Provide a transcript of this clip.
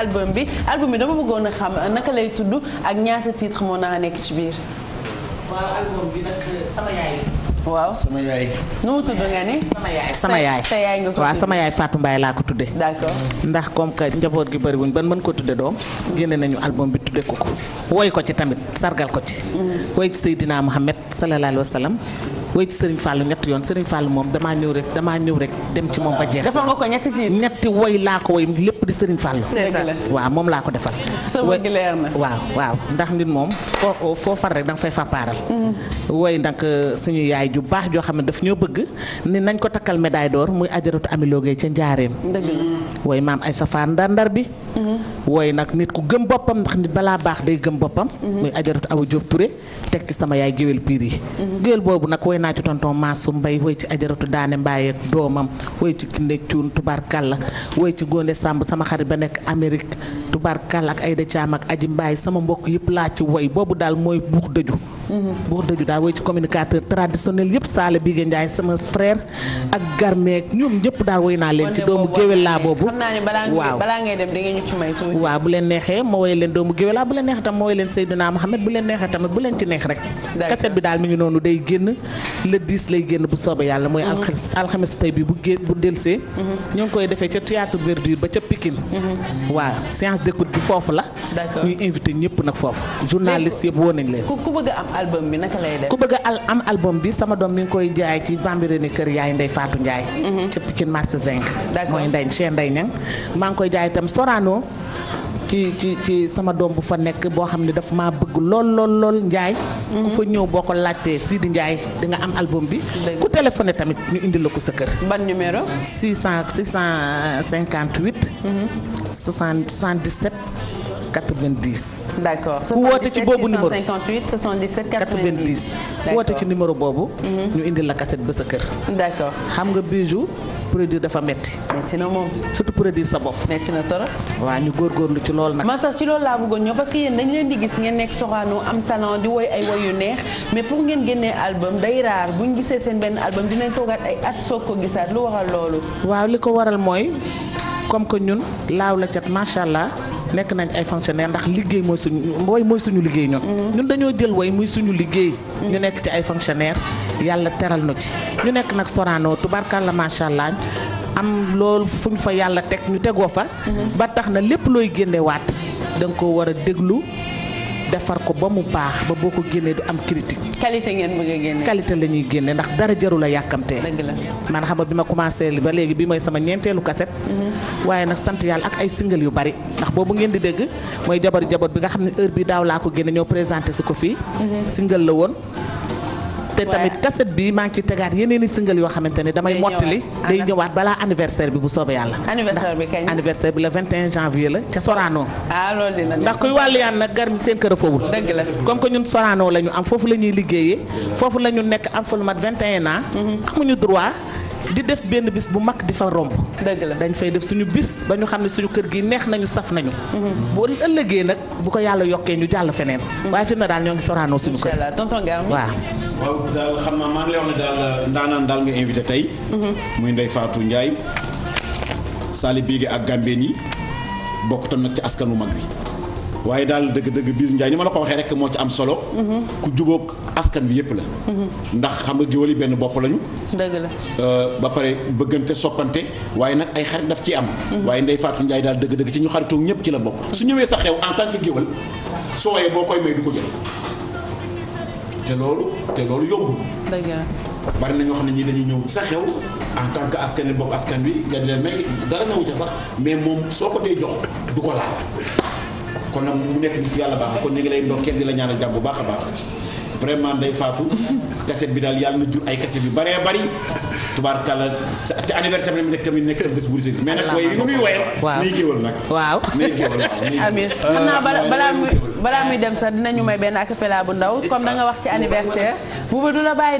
album bi album bi dama bëggoon a xam naka lay tudd ak ñaata titre moo naa nekk ci biir. waaw album bi nag sama yaay waaw sama yaay. nu mu tudd sama yaay sa yaay nga yaay Fatou Mbaye laa ko tudde d'accord ndax comme que njaboot gi bëriwuñ ban mën ko tuddee doom. génne nañu album bi tuddee ko ko. woy ko ci tamit sargal ko ci. Mm-hmm. woy ci Seydina Mohamed sallallahu alayhi wa sallam. woy yoon Serigne Fallou moom damaa ñëw rek damaa ñëw rek dem ci moom ba jeex. defal nga laa ko woy lépp di Serigne Fallou. waaw moom laa ko defal. sa wëgg leer waaw ndax nit moom foo foo far rek da nga fay fa mm-hmm. woy nag euh, suñu yaay yaay ju baax joo xam ne daf ñoo bëgg ni nañ ko takkal médaille door muy ajaratu amiloo gay ca njaareem wooy maam ay safar ndar ndar bi mhm. wooy nag nit ku gëm boppam ndax nit balaa baax day gëm boppam mhm. muy ajaratu awa Jóob Ture teg ci sama yaay géwél piir yi mhm. géwél boobu nag woy naa ci tonton Maasum Mbay woy ci ajaratu daane Mbaay ak doomam woy ci Kinde Cuun tubaarkàlla woy ci Gonde Sàmb sama xarit ba nekk Amérique tubaarkàlla ak Ayda Caam ak Aji Mbaay sama mbokk yëpp laa ci woy boobu daal mooy bu wax dëgg daa woy ci communicateur traditionnel yëpp Saala Bigué Ndiaye sama frère. ak Garmeek ñoom ñëpp daa woy naa leen ci doomu géwél laa boobu. waaw ngay dem da ngeen ñu ci may tuuti. waaw bu leen neexee ma woy leen doomu géwél laa bu leen neexee tam ma woy leen Seydina Mohamed bu leen neexee tamit bu leen ci neex rek. kaset bi daal mi ngi noonu day génn le 10 lay génn bu soobee yàlla mooy mhm. alxames tey bi bu delsee mhm. ñu ngi koy defee ca théâtre verdure ba ca Pikine mhm. waaw séance d'écoute bi foofu la ñuy invité ñëpp nag foofu journaliste yëpp woo nañ leen ku bëgg am album bi naka lay def sama doom mi ngi koy jaay ci Bambirene kër yaay Ndey Faatu Njaay ca Pikine marché zinc mooy Ndey Cheikh Ndey Ñang maa ngi koy jaay itam Sorano ci ci ci sama doom bu fa nekk boo xam ne dafa maa bëgg lool lool lool Ndiaye. ku fa ñëw boo ko laajtee Sidi Ndiaye di nga am album bi. ku téléphoné tamit ñu indi la ko sa kër. ban numéro. 600 658. 60 77. 90. d'accord ku woote ci boobu numéro 658 77 90. woote ci numéro boobu. Mhm. ñu indi la cassette ba sa kër. xam nga bijou produire dafa metti metti na moom surtout produire sa bopp. metti na torop. waaw ñu lu ci loolu nag. man sax ci loolu laa bëggoon ñëw parce que yéen dañ leen di gis ngeen nekk soxaanu am talent di woy ay woy yu neex mais pour ngeen génnee album day raar bu ñu gisee seen benn album dinañ toogaat ay at soog ko gisaat lu waral loolu. waaw li ko waral mooy comme que ñun laaw la cat macha allah. nekk nañ ay fonctionnaire ndax liggéey mooy suñu way mooy suñu liggéey ñun. Mm-hmm. ñun dañoo jël way muy suñu liggéey. Mm-hmm. ñu nekk ci ay fonctionnaire yàlla teral na ci ñu nekk nag Sorano la macha allah am lool fuñ fa yàlla teg ñu tegoo fa. Mm-hmm. ba tax na lépp looy génnewaat da nga ko war a déglu. defar ko ba mu baax ba boo ko génnee du am critique. qualité ngeen bëgg a génne. qualité la ñuy génne ndax dara jarul a yàkkamtee. dëgg la man xam nga bi ma commencé ba léegi bi mooy sama ñeenteelu kaset. Mhm. waaye nag sant yàlla ak ay single yu bari ndax boobu ngeen di dégg mooy jabar jabar bi nga xam ne heure bi daaw laa ko génne ñoo présenté si ko fii. Mhm. single la woon. te tamit cassette bi maa ci tegaat yeneen i yoo xamante ne damay mottali day ñëwaat balaa anniversaire bi bu soobee yàlla anniversaire anniversaire bi le janvier la ca Sorano ah, ndax kuy wàllu nag gar seen kër a foowul comme que ñun Sorano la am foofu la ñuy foofu la nekk am fa lu mat 21 ans mm-hmm. amuñu droit di def benn bis bu mag di fa romb. dëgg dañ fay def suñu bis ba ñu xam ne suñu kër gi neex nañu saf nañu. bu ëllëgee nag bu ko yàlla yokkee ñu jàll feneen. waaye fi mu daal ñoo ngi soraanoo suñu kër. incha tonton Gami waaw. daal xam naa maa ngi lay wax ne daal euh, ndaanaan daal nga invité tey. Mhm. muy Ndeye Fatou Ndiaye. Sali Biége ak Gambeen yi bokk tam nag ci askanu mag bi. waaye daal dëgg-dëgg biisu Ndiaye ni ma la ko waxee rek moo ci am solo. Mhm. ku jubóog askan bi yëpp la. Mhm. ndax xam nga yi benn bopp lañu. dëgg la euh, ba pare bëggante soppante waaye nag ay xarit daf ciy am. Mhm. waaye Ndeye Fatou Ndiaye daal dëgg-dëgg ci ñu xaritoog ñëpp ci la bokk. su ñëwee sa xew en tant que géwal soo waaye boo koy may du ko jël te loolu te loolu yóbbu. dëgg bari na ñoo xam ne ñi dañuy ñëw sa xew. en askan wi askan bi nga di leen may dara newu ca sax mais moom soo ko dee jox du ko laal. kon nag mu nekk nit yàlla baax kon ñu ngi lay ndokkeel di la ñaanal jàmm bu baax a baax vraiment nday faatu kaset bi daal yàlla na jur ay kaset yu bëree bëri tubaarkàlla te anniversaire bi nekk tamit nekk bés bu si nag waaye yu muy wayal muy géwal nag waaw euh, muy géwal amiin xam naa balaa muy balaa muy dem sax dinañu may benn acapella bu ndaw comme da nga wax ci anniversaire bu du la bàyyi